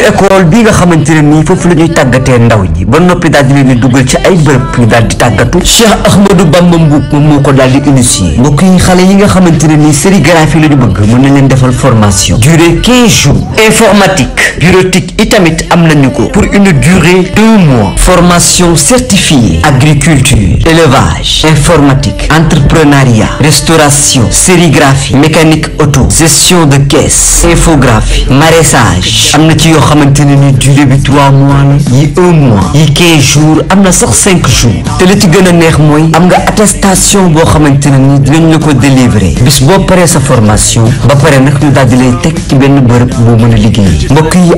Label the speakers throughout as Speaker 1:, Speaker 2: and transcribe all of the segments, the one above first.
Speaker 1: école bi nga xamanteni ni fofu foofu la ndaw ñi ba nopi daal di leen di dugal ci ay bërëb ñu daal di Cheikh Ahmadou Bamba Mboup moom moo ko di initié mbokk yi xale yi nga xamanteni ne sérigraphie la bëgg mën nañ leen defal formation durée 15 jours informatique bureautique itamit am pour une durée 2 mois formation certifiée agriculture élevage informatique entrepreneuriat restauration sérigraphie mécanique auto gestion de caisse infographie maraîchage am ci durée 3 mois 1 mois 15 jours 5 jours Si li ci une attestation boo xamante ni délivré. délivrer bis boo paree sa formation ba pare faire ñu daal di lay teg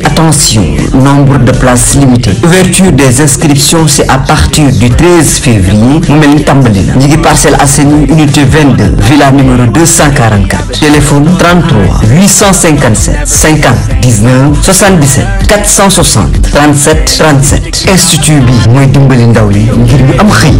Speaker 1: attention nombre de places limitées ouverture des inscriptions c'est à partir du 13 février mu mel ni tàmbali na ñu ngi unité 22 villa numéro 244 téléphone 33 857 50 19 70 77 460 37 37 institut bi dimbali ndaw li ngir ñu am xëy.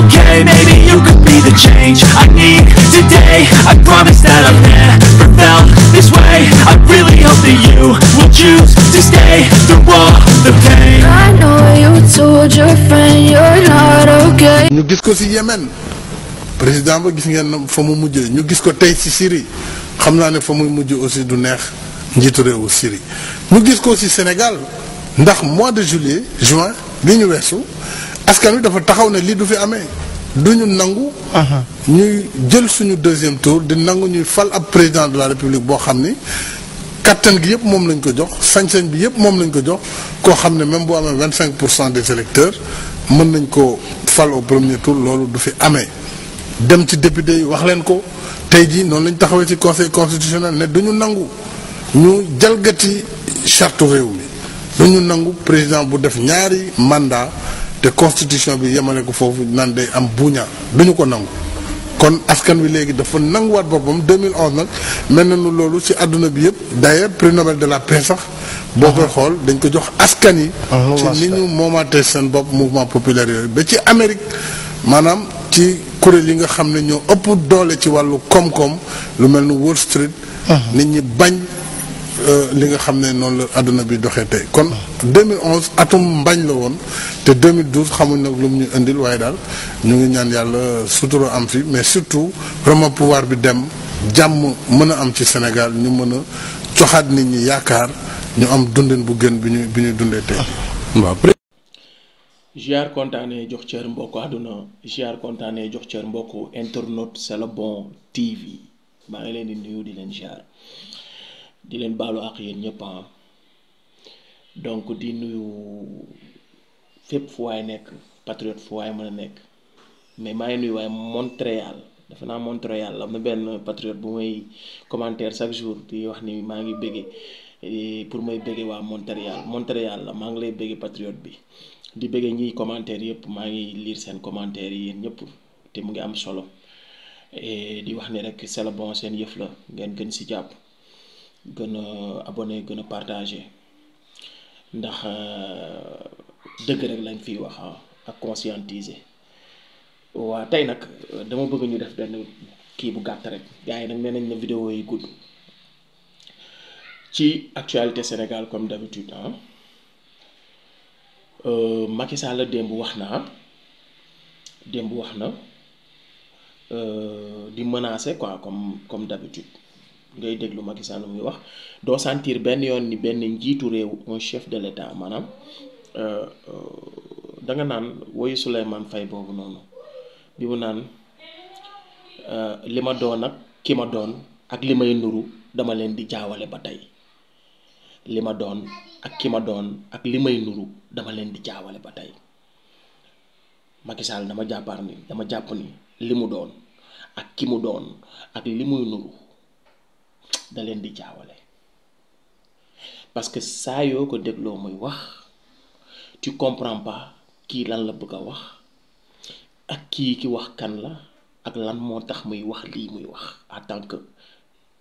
Speaker 1: Okay, maybe you could be the change I need today. I promise that i will never felt this way. I really hope that you will choose to
Speaker 2: stay through all the pain. I
Speaker 1: know you told your friend you're not okay.
Speaker 2: ñu gis ko ci Yémen président ba gis ngeen fa mu mujjee ñu gis ko tey ci Syrie ne fa muy mujj aussi du neex. njiitu au Syrie ñu gis ko ci Sénégal ndax mois de juillet juin l'université, ñu weesu dafa taxaw ne li du fi amé. Duñu nangu. ñuy jël suñu deuxième tour de nangu ñuy fal ab président de la république bo xamné ni gi yépp mom lañ ko jox sañ-sañ bi yépp mom lañ ko jox ko xamné même bu amee 25% des électeurs mën nañ ko fal au premier tour lolu du fi amé. dem ci député yi wax leen ko Tay ji non lañ taxawé ci conseil constitutionnel né duñu nangu. ñu jalgati charte réew mi lu nangu président bu def ñaari mandat te constitution bi yemale ko foofu naan day am buña duñu ko nangu kon askan wi léegi dafa nanguwaat boppam 2011 nag mel na nu loolu ci àdduna bi yëpp d'ailleurs prix Nobel de la paix sax boo koy xool dañ ko jox askan yi ah, ci ni ñu moomaatee seen bopp mouvement populaire yooyu ba ci Amérique maanaam ci kuréel yi nga xam ne ñoo ëpp doole ci wàllu koom-koom lu mel ni Wall Street ah. nit ñi bañ Euh, li nga xam ne noonu la àdduna bi doxee tey kon 2011 atum mbañ la woon te 2012 xamuñ nag lu mu ñu indil waaye daal ñu ngi ñaan yàlla sutura am fi mais surtout vraiment pouvoir bi dem jàmm mën a am ci senegal ñu mën a joxaat nit ñi yaakaar ñu am dundin bu gën bi ñuy dundee tey waaw.
Speaker 3: Giar kontaanee jox cër mbokk àdduna Giar kontaanee jox cër mbokk internaute c'est le bon TV maa ngi leen di nuyu di leen giar. di leen baalu ak yéen ñëpp ah. donc di nuyu fépp fu waay nekk patriote fu waay mën a nekk mais maa ngi nuyu waaye Montréal dafa naa Montréal am na benn patriote bu may commentaire chaque jour di wax ni maa ngi bëgge eh, pour may bëgge waa Montréal Montréal la maa ngi lay bëgge patriote bi di bëgge ñiy commentaire yëpp maa ngi lire seen commentaire yi yéen ñëpp te mu ngi am solo eh, di wax ni rek c'est le bon seen yëf la ngeen gën si jàpp gëna abonné gëna partager partagé ndax euh, dëgg rek lañ fiy wax ah, ak conscientiser waa tey nag euh, dama bëgg ñu def benn kii bu gàtt rek gars yi nag nee nañ vidéo yi gudd ci actualité Sénégal comme d'habitude ah euh, Macky Sall démb wax na, démb wax na di menacer quoi comme comme d'habitude ngay déglu Macky Sall muy wax doo sentir benn yoon ni benn njiitu réew un chef de l'État maanaam euh, euh, danga naan woyu Souleymane fay boobu noonu bi mu naan euh, li ma doon ak ki ma doon ak li may nuru dama leen di jaawale ba tey li ma doon ak ki ma doon ak li may nuru dama leen di jaawale ba tey Macky dama jàppaar ni dama jàpp ni li mu doon ak ki mu doon ak li muy nuru da leen di jaawale parce que saa yoo ko dégloo muy wax tu comprends pas kii lan la bëgg a wax ak kii ki wax kan la ak lan moo tax muy wax lii muy wax en tant que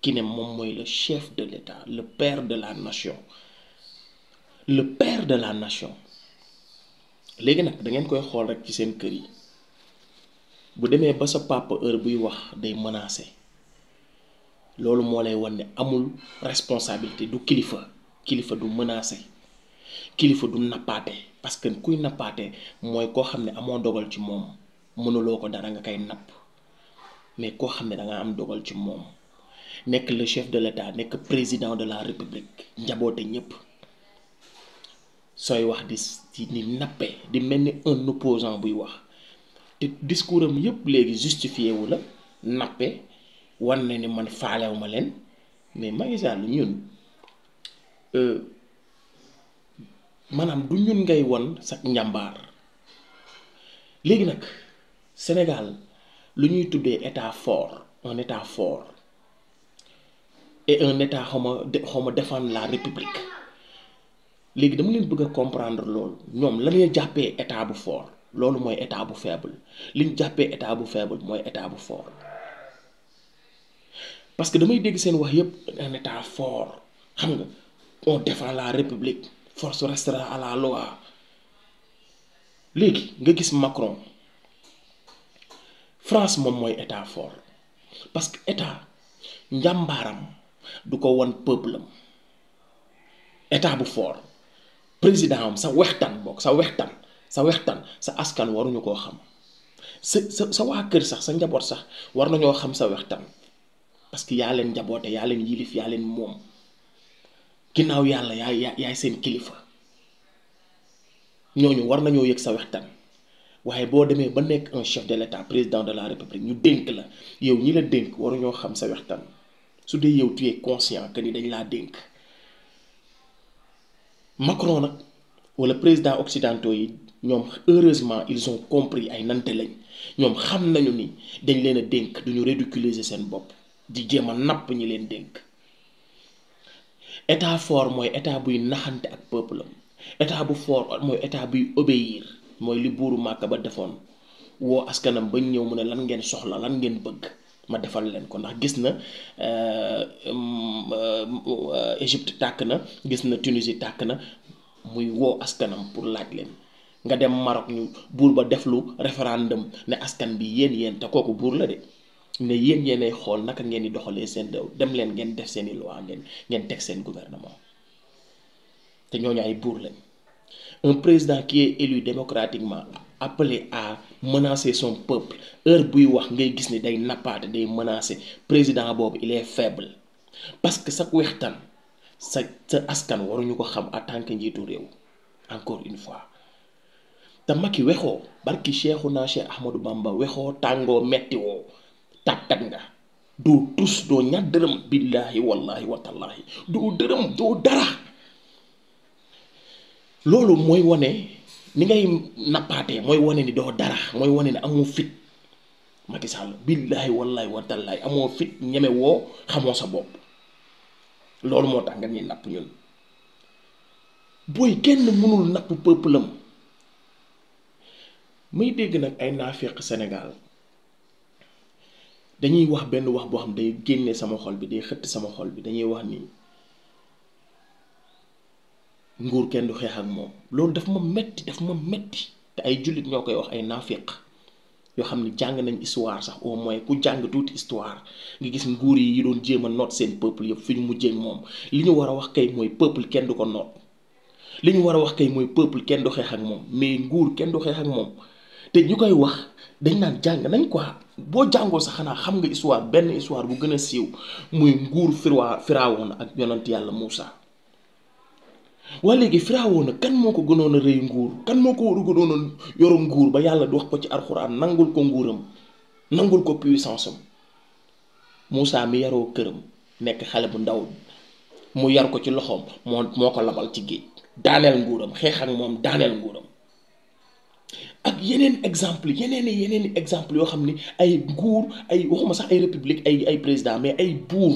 Speaker 3: ki ne moom mooy le chef de l'État le père de la nation le père de la nation léegi nag da ngeen koy xool rek ci seen kër yi bu demee ba sa papa heure buy wax day menacer. loolu moo lay wan ne amul responsabilité du kilifa kilifa du menacé kilifa du nappaate parce que kuy nappaate mooy koo xam ne amoo dogal ci moom mënuloo ko dara nga kay napp mais koo xam ne da nga am dogal ci moom nekk le chef de l'État nekk président de la république njaboote ñépp sooy wax di di nappe di mel ni un opposant buy wax te discours am yépp léegi wu la nappe wan na ni man faalew ma leen mais Macky Sall ñun euh, maanaam du ñun ngay won sa njàmbaar léegi nag Sénégal lu ñuy tuddee état fort un état fort et un état xawma xawma défendre la république léegi dama leen bëgg a comprendre loolu ñoom la ñuy jàppee état bu fort loolu mooy état bu faible li ñu jàppee état bu faible mooy état bu fort parce que damay dégg seen wax yëpp un état fort xam nga on défend la république force restera à la loi léegi nga gis Macron France moom mooy état fort parce que état njàmbaaram du ko won peuple am état bu fort président am sa wextan bokk sa wextan sa wextan sa askan waruñu koo xam sa sa sa waa kër sax sa njaboot sax war nañoo xam sa wextan parce que yaa leen njaboote yaa leen yilif yaa leen moom ginnaaw yàlla yaay yaay seen kilifa ñooñu war nañoo yëg sa waxtaan waaye boo demee ba nekk un chef de l'état président de la république ñu dénk la yow ñi la dénk waruñoo xam sa waxtaan su dee yow tu es conscient que ni dañ laa dénk Macron nag wala président occidentaux yi ñoom heureusement ils ont compris ay nante lañ ñoom xam nañu ni dañ leen a dénk duñu ridiculiser seen bopp di jéem napp ñi leen dénk état fort mooy état buy naxante ak peuple am état bu fort mooy état buy obéir mooy li buuru màkk ba defoon woo askanam bañ ñëw mu ne lan ngeen soxla lan ngeen bëgg ma defal leen ko ndax gis na euh, mm, euh, Égypte tàkk na gis na Tunisie tàkk na muy woo askanam pour laaj leen nga dem Maroc ñu buur ba def lu référendum ne askan bi yéen yéen te kooku buur la de. ne yéen yéenay xool naka ngeen di doxalee seen réew dem leen ngeen def seeni i loi ngeen teg seen gouvernement te ñooñu ay buur lañ un président qui est élu démocratiquement appelé à menacer son peuple heure buy wax ngay gis ni day nappaate day menacer président boobu il est faible parce que sa wextaan sa sa askan waruñu ko xam en tant que njiitu réew encore une fois te Macky wexoo barki Cheikhouna Cheikh Ahmadou Bamba wexoo tàngoo metti woo tapet nga dudus tus doo ña billahi wallahi tallahi do dërëm do dara lolu moy woné ni ngay napaté moy woné ni do dara moy woné ni amu fit Macky Sall billahi wallahi tallahi amoo fit ñame wo xamoo sa bop lolu moo tax nga ñuy napp ñun boy kenn mënul nap peuple am muy dégg nak ay nafiq Sénégal dañuy wax benn wax boo xam day génne sama xol bi day xëtt sama xol bi dañuy wax ni nguur kenn du xeex ak moom loolu daf ma metti daf ma metti te ay jullit ñoo koy wax ay naafiq yoo xam ne jàng nañ histoire sax au moins ku jàng tuuti histoire gis nguur yi yi jéem a noot seen peuple yëpp fi ñu mujjee moom li ñu war a wax kay mooy peuple kenn du ko noot li ñu war a wax kay mooy peuple kenn du xeex ak moom mais nguur kenn du xeex ak moom te ñu koy wax dañ naan jàng nañ quoi. boo jàngoo sax xanaa xam nga histoire benn histoire bu gën a siiw muy nguur firwaa firaawoon ak yonent yàlla Moussa waaye léegi firaawoon kan moo ko gënoon a rëy nguur kan moo ko gënoon a yoro nguur ba yàlla wax ko ci alxuraan nangul ko nguuram nangul ko puissance am Moussa mi yaroo këram nekk xale bu ndaw mu yar ko ci loxoom moo moo ko labal ci géej daaneel nguuram xeex ak moom daaneel nguuram. ak yeneen exemple yeneen yeneen i exemple yoo xam ni ay nguur ay waxuma sax ay république ay ay président mais ay buur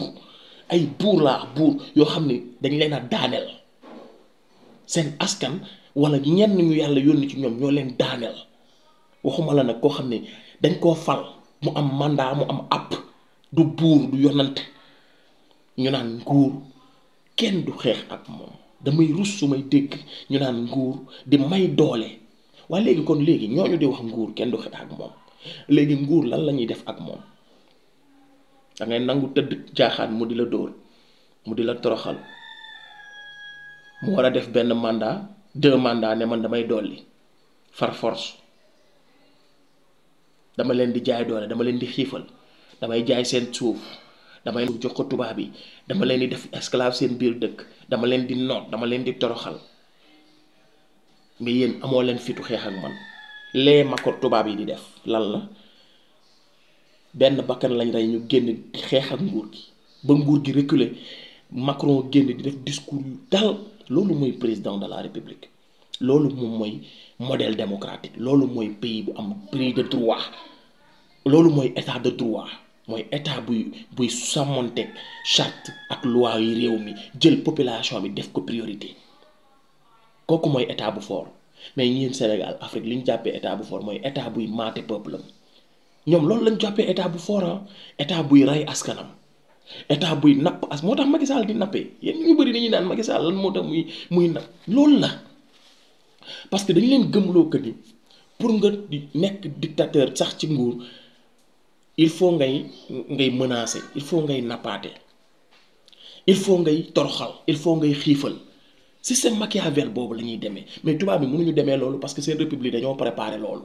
Speaker 3: ay buur laa buur yoo xam ni dañ leen a daaneel seen askan wala ñenn ñu yàlla yónni ci ñoom ñoo leen daaneel waxuma la nag koo xam ne dañ koo fal mu am mandat mu am app du buur du yonant ñu naan nguur kenn du xeex ak moom damay rus su may dégg ñu naan nguur di may doole waa léegi kon léegi ñooñu di wax nguur kenn du xeex ak moom léegi nguur lan la ñuy def ak moom dangay nangu tëdd jaaxaat mu di la dóor mu di la toroxal mu war a def benn mandat dë mandats ne man damay dolli far force dama leen di jaay doole dama leen di xiifal damay jaay seen suuf damay jox ko tubaab yi dama leen di def esclave seen biir dëkk dama leen di noot dama leen di toroxal. mais yéen amoo leen fitu xeex ak man lee makor tubaab yi di def lan la benn bakkan lañ rey ñu génn di xeex ak nguur gi ba nguur gi reculer Macron génn di def discours yu dal loolu mooy président de la république loolu moom mooy modèle démocratique loolu mooy pays bu am pays de droit loolu mooy état de droit mooy état buy buy sàmmonte charte ak loi yi réew mi jël population bi def ko priorité koku moy état bu fort mais ñeen Sénégal Afrique liñ jappé état bu fort moy état bu maté peuple am ñoom loolu lañ jappé état bu fort ah. état bu ray askanam état bu nap as motax tax Macky Sall di nappee yeen ñu ni ñi naan Macky Sall lan motax muy muy nap loolu la parce que dañ leen lo que ni pour nga di nek dictateur sax ci nguur il faut ngay ngay menacer il faut ngay nappaate il faut ngay toroxal il faut ngay xifal système machiavel boobu la ñuy demee mais tubaab bi mënuñu demee loolu parce que seen république dañoo préparé loolu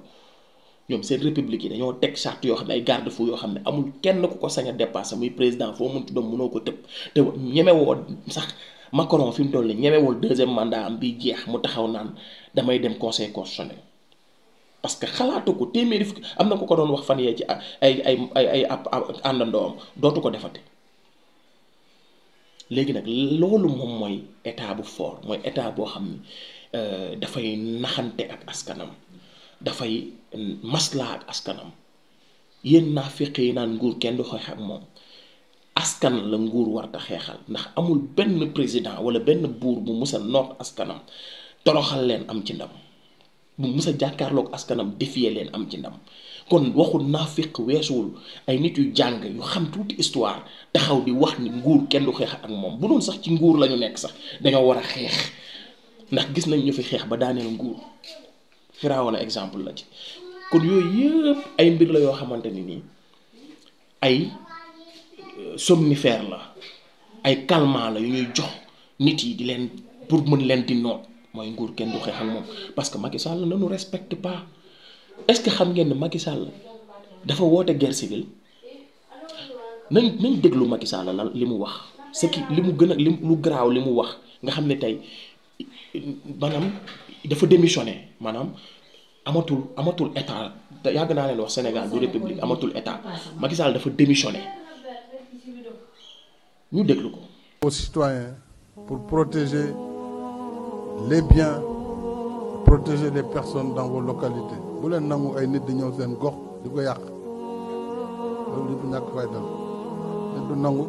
Speaker 3: ñoom seen république yi dañoo teg charte yoo xam ne ay garde fou yoo xam ne amul kenn ku ko sañ a dépassé muy président foo mënti doon mënoo ko tëb te ñemewoo sax Macron fi mu toll nii ñemewul deuxième mandat am bi jeex mu taxaw naan damay dem conseil constitutionnel parce que xalaatu ko téeméeri am na ku ko doon wax fan yee ci ay ay ay ay àndandoom dootu ko defate léegi nag loolu moom mooy état bu fort mooy état boo xam ni euh, dafay naxante ak askanam dafay maslaa ak askanam yéen naa yi naan nguur kenn du xeex ak moom askan la nguur war warta xeexal ndax amul benn président wala benn buur bu musa noot askanam toloxal leen am ci ndam bu musa jàkkaarlook askanam défier leen am ci ndam kon waxu naafiq weesuwul ay nit yu jàng yu xam tuuti histoire taxaw di wax ni nguur kenn du xeex ak moom bu doon sax ci nguur lañu nekk sax dañoo war a xeex ndax gis nañ ñu fi xeex ba daaneel nguur Firawna exemple la ci kon yooyu yëpp ay mbir la yoo xamante ni nii ay euh, somnifère la ay calmant la yu ñuy jox nit yi di leen pour mën leen di noot mooy nguur kenn du xeex ak moom parce que Macky Sall ne nous respecte pas est-ce que xam ngeen ne Macky Sall dafa woote guerre civile nañ nañ déglu Macky Sall la li mu wax ce qui li mu gën a li lu garaaw li mu wax nga xam ne tey maanaam dafa démissionné maanaam amatul amatul état te yàgg naa leen wax Sénégal du république amatul état Macky Sall dafa démissionné
Speaker 2: ñu déglu ko. aux citoyens pour protéger les biens, protéger les personnes dans vos localités. bu len nangu ay nit di ñew seen gox di ko yàq loolu di ñàkk fay dal nit du nangu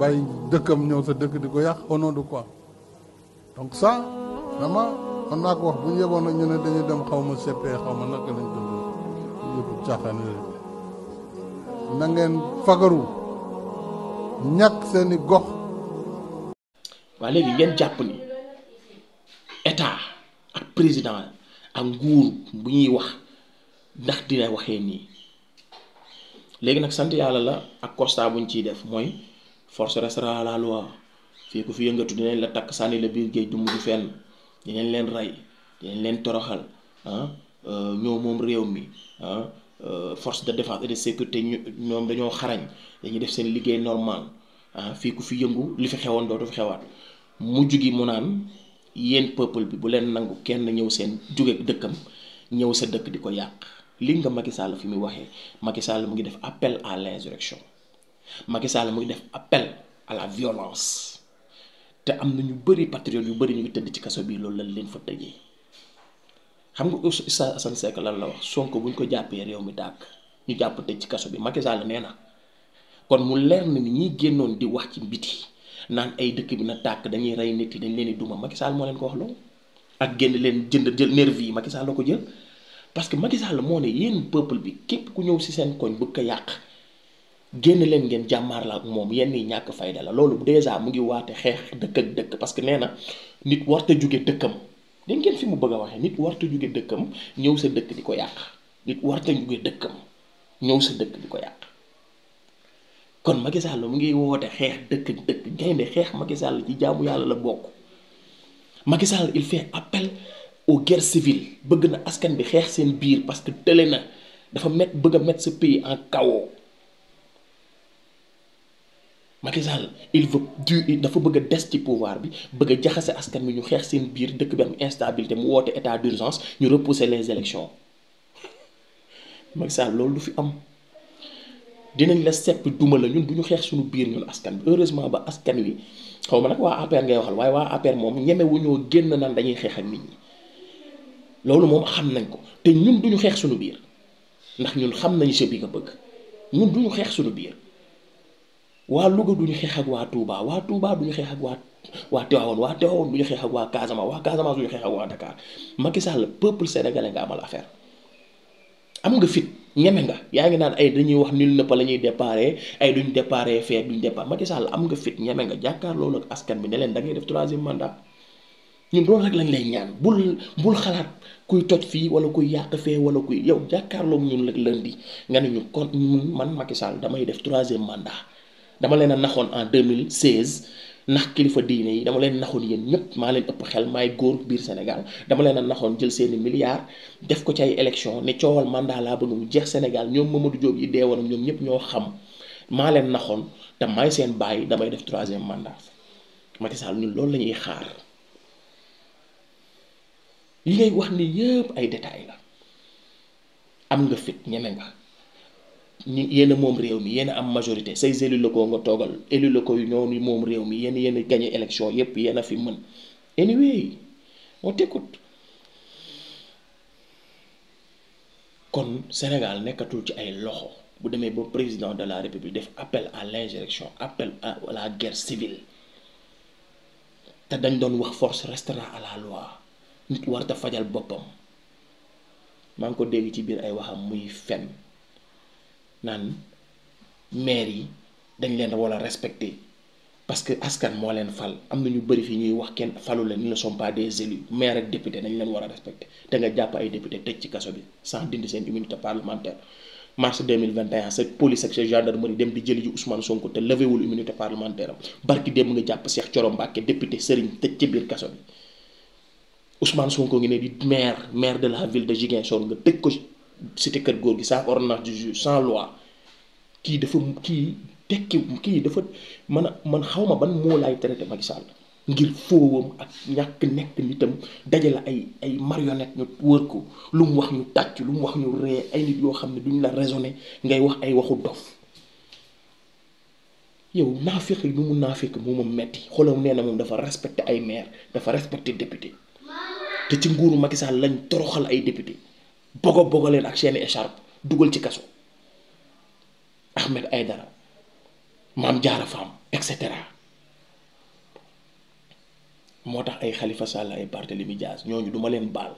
Speaker 2: bàyyi dëkkam ñëw sa dëkk di ko yàq au nom de quoi donc ça vraiment man naa ko wax bu ñu yeboon ñu ne dañuy dem xaw ma seppee xaw ma naka lañ dund yëpp caaxaan yooyu na ngeen fagaru ñàkk seeni gox waa léegi ngeen jàpp ni
Speaker 3: état ak président ak nguur bu ñuy wax ndax dina waxee nii léegi nag sant yàlla la ak constat buñ ciy def mooy force restera à fii ku fi yëngatu dinañ la takk sànni la biir géej du mujj fenn dinañ leen rey dinañ leen toroxal ah euh, ñoo moom réew mi ah euh, force de défense et de sécurité ñoom dañoo xarañ dañuy def seen liggéey normal ah fii ku fi yëngu li fi xewoon dootu fi xewaat mujj gi mu naan yéen peuple bi bu leen nangu kenn ñëw seen jóge dëkkam ñëw sa dëkk di ko yàq li nga Macky Sall fi muy waxee Macky Sall mu ngi def appel à l'insurrection Macky Sall mu ngi def appel à la violence te am na ñu bëri patriote yu bari ñu tëdd ci kaso bi loolu lañ leen fa tëjee xam nga Oustaz sa Seck lan la wax Sonko buñ ko jàppee réew mi tàkk ñu jàpp tëj ci kaso bi Macky Sall nee na kon mu leer na ni ñiy génnoon di wax ci mbiti naan ay dëkk bi na tàkk dañuy rey nit yi dañ leen di duma Macky Sall moo leen ko wax loolu ak génn leen jënd jël nervi yi Macky Sall la ko jël parce que Macky Sall moo ne yéen peuple bi képp ku ñëw si seen koñ bëgg ko yàq génn leen ngeen jàmmaar la ak moom yenn yi ñàkk fayda la loolu dèjà mu ngi waate xeex dëkk ak dëkk parce que nee na nit warta jóge dëkkam dañ ngeen fi mu bëgg a waxee nit warta juge dëkkam ñëw sa dëkk di ko yàq nit warta jóge dëkkam ñëw sa dëkk ko yàq kon Macky Sall mu ngi woote xeex dëkk dëkk gaynde xeex Macky Sall ci jaamu yàlla la bokk Macky Sall il fait appel aux guerres civiles bëgg na askan bi xeex seen biir parce que tële na dafa met bëgg a mettre ce pays en chaos Macky Sall il veut dafa bëgg a des ci pouvoir bi bëgg a jaxase askan bi ñu xeex seen biir dëkk bi am instabilité mu woote état d'urgence ñu repousser les élections Macky Sall loolu du fi am. dinañ la sepp duma la ñun duñu xex suñu biir ñun askan bi heureusement ba askan wi xawma nak wa waa APR ngay waxal waaye wa APR mom ñëmé wuñu génn nan dañuy xex ak nit ñi loolu mom xam nañ ko te ñun duñu xex suñu biir ndax ñun xam nañ ci bi nga bëgg ñun duñu xex suñu biir wa Louga duñu xex ak wa Touba wa Touba duñu xex ak wa wa Tivaouane wa Tivaouane duñu xex ak wa casama wa casama duñu xex ak wa Dakar Macky Sall peuple sénégalais nga amal affaire am nga fit ñeme nga yaa ngi naan ay dañuy wax nil nëppa la ñuy déparé ay duñ déparé fee duñ départ Macky Sall am nga fit ñeme nga jàkkaarloo ak askan bi ne leen dangay ngay def troisième mandat ñun loolu rek lañ lay ñaan bul bul xalaat kuy toj fii wala kuy yàq fee wala kuy yow jàkkaarloo ñun rek lundi nga ne ñu kon man Macky Sall damay def troisième mandat dama leen a naxoon en 2016. ndax kilifa diine yi dama leen naxoon yéen ñëpp maa leen ëpp xel maay góor biir Sénégal dama leen a naxoon jël seeni milliards def ko ci ay élection ne coowal mandat laa bëgg mu jeex Sénégal ñoom Mamadou Diop yi deewoon ñoom ñëpp ñoo xam maa leen naxoon te maay seen bàyyi damay def troisième mandat Macky Sall ñun loolu la ñuy xaar li ngay wax ni yëpp ay détails la am nga fit ñeme nga. ni yéen moom réew mi yéen a am majorité say élus locaux nga toogal élus locaux yu ñoo moom réew mi yéen yéen a gagné élection yépp yéen a fi mën anyway on t'écoute kon Sénégal nekkatul ci ay loxo bu demee ba président de la république def appel à l'insurrection appel à la guerre civile te dañ doon wax force restera à la loi nit warta fajal boppam maa ngi ko dégg ci biir ay waxam muy fen nan maire yi dañ leen war respecter parce que askan moo leen fal am na ñu bëri fi ñuy wax kenn falu leen ils ne sont pas des élus maire ak député dañ leen war a respecter da nga jàpp ay député tëj ci kaso bi sans dindi seen immunité parlementaire mars 2021 sa police ak sa gendarmerie dem di jëli ji Ousmane Sonko te levewul immunité parlementaire am barki dem nga jàpp Cheikh Thioro Mbacké député Serigne tëj ci biir kaso bi Ousmane Sonko ngi ne di maire maire de la ville de Ziguinchor nga tëj ko cité kër góor gi sans ordonnance ju juge sans loi kii dafa kii tekki kii dafa man a man xaw ma ban moo laay traité Macky Sall ngir foowam ak ñàkk nekk nitam dajale ay ay marionnette ñu wër ko lu mu wax ñu tàcc lu mu wax ñu ree ay nit yoo xam ne duñ la raisonné ngay wax ay waxu dof yow naaféq yi lu mu naaféq moo ma metti xolam nee na moom dafa respecté ay maire dafa respecté député te ci nguuru Macky Sall lañ toroxal ay député bogo bogo leen ak seeni écharpe dugal ci kaso Ahmed Aidara maam jaara faam et cetera moo tax ay Khalifa Sall ay Barthélemy Dias ñooñu duma leen baal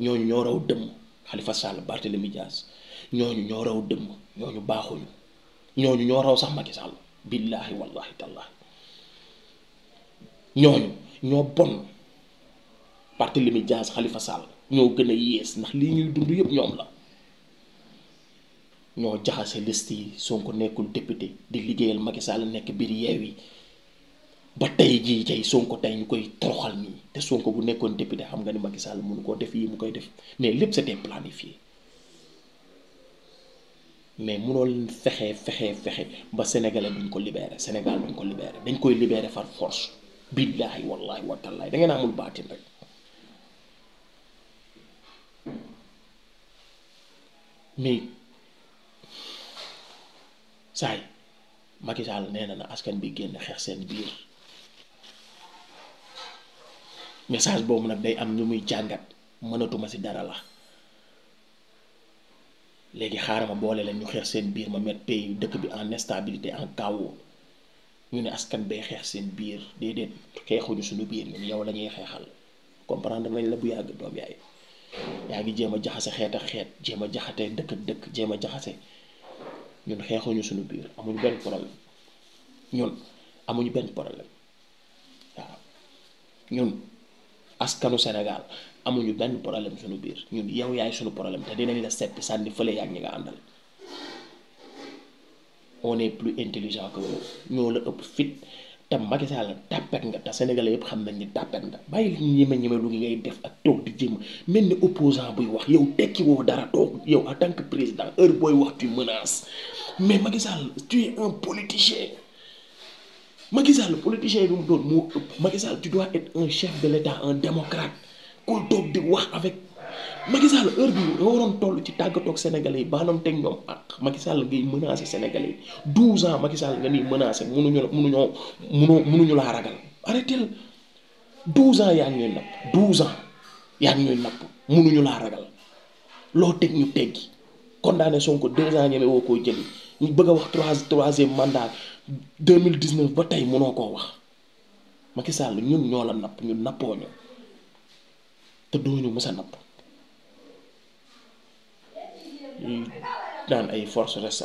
Speaker 3: ñooñu ñoo raw dëmm Khalifa Sall Barthélemy Dias ñooñu ñoo raw dëmm ñooñu baaxuñu ñooñu ñoo raw sax Macky Sall billaahi wallaahi tallaahi ñooñu ñoo bon Barthélemy Dias Khalifa Sall ñoo gën a yées ndax lii ñuy dund yëpp ñoom la ñoo jaxase liste yi Sonko nekkul député di liggéeyal Macky Sall nekk biir yi ba tey jii tey Sonko tey ñu koy toroxal nii te Sonko bu nekkoon député xam nga ni Macky Sall mënu koo def yii mu koy def mais lépp c'était planifié mais munoo leen fexe fexe fexe ba sénégalais duñ ko libéré Sénégal duñ ko libéré dañ koy libéré par force billaahi wallaahi watalaay da ngeen amul baatin rek. mais saay Macky Sall na na askan bi génn xeex seen biir message boobu nag day am lu muy jàngat mënatuma ci dara la léegi xaaral ma boole leen ñu xeex seen biir ma mettre pays dëkk bi en instabilité en chaos ñu ne askan bay xeex seen biir déedéet xeexuñu suñu biir ñun yow la ñuy xeexal comprendre nañ la bu yàgg doom yaay. yaa ngi jéem a jaxase xeeta xeet jéem a jaxate dëkk ak dëkk jéem a jaxase ñun xeexuñu suñu biir amuñu benn problème ñun amuñu benn problème waaw ñun askanu Sénégal amuñu benn problème suñu biir ñun yow yaay suñu problème te dinañ la seppi sànni fële yaa ñi nga àndal on est plus intelligent que ñoo la ëpp fit tam Macky Sall tàppet nga te sénégalais yëpp xam nañ ni tàppet nga bàyyi li ñeme ñeme lu ngay def ak toog di jëm mel ni opposant buy wax yow tekki woo dara toog yow en tant que président heure booy wax tu menaces mais Macky Sall tu es un politicien Macky Sall politicien bi mu doon moo ëpp Macky Sall tu dois être un chef de l' état un démocrate kuy toog di wax avec. Macky Sall heure bi nga waroon toll ci tàggatoog sénégalais yi baanam teg ñoom ak Macky Sall ngay menacé sénégalais yi 12 ans Macky Sall nga nii menacé munuñu la munuñoo munoo munuñu laa ragal arrêté 12 ans yaa ngi ñuy napp 12 ans yaa ngi ñuy napp munuñu laa ragal loo teg ñu teggi condamné Sonko 2 ans ñeme woo koo jëli ñu bëgg a wax trois troisième mandat 2019 ba tey munoo koo wax Macky Sall ñun ñoo la napp ñun nappoo ñu te doo ñu mës napp. ñuy daan ay force reste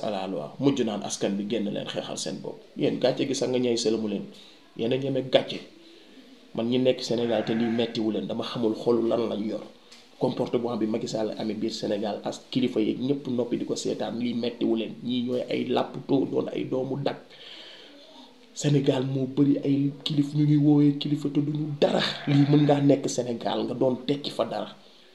Speaker 3: mujj naan askan bi génn leen xeexal seen bopp yéen gàcce gi sax nga ñëw sëlamu leen yéen a ñeme gàcce man ñi nekk Sénégal te lii mettiwu leen dama xamul xolu lan lañ yor comportement bi Macky Sall amee biir Sénégal as kilifa yeeg ñëpp noppi di ko seetaan lii mettiwu leen ñii ñooy ay làpptoo doon ay doomu dak Sénégal moo bëri ay kilif ñu ngi woowee kilifa te duñu dara lii mën ngaa nekk Sénégal nga doon tekki fa dara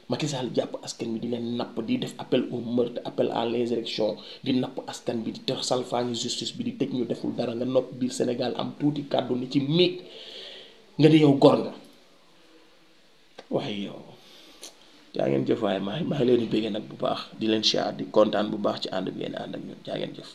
Speaker 3: Macky Sall japp askan bi di len nap di def appel au meurtre appel à l'insurrection di nap askan bi di tax salfaañi justice bi di tek ñu deful dara nga nop bi Sénégal am touti cadeau ni ci miig nga di yow gor nga waaye yow jaa ngeen jëf way ma ngi leen di bëgg nak bu baax di len share di kontaan bu baax ci and bi ngeen and ak ñun jaa ngeen jëf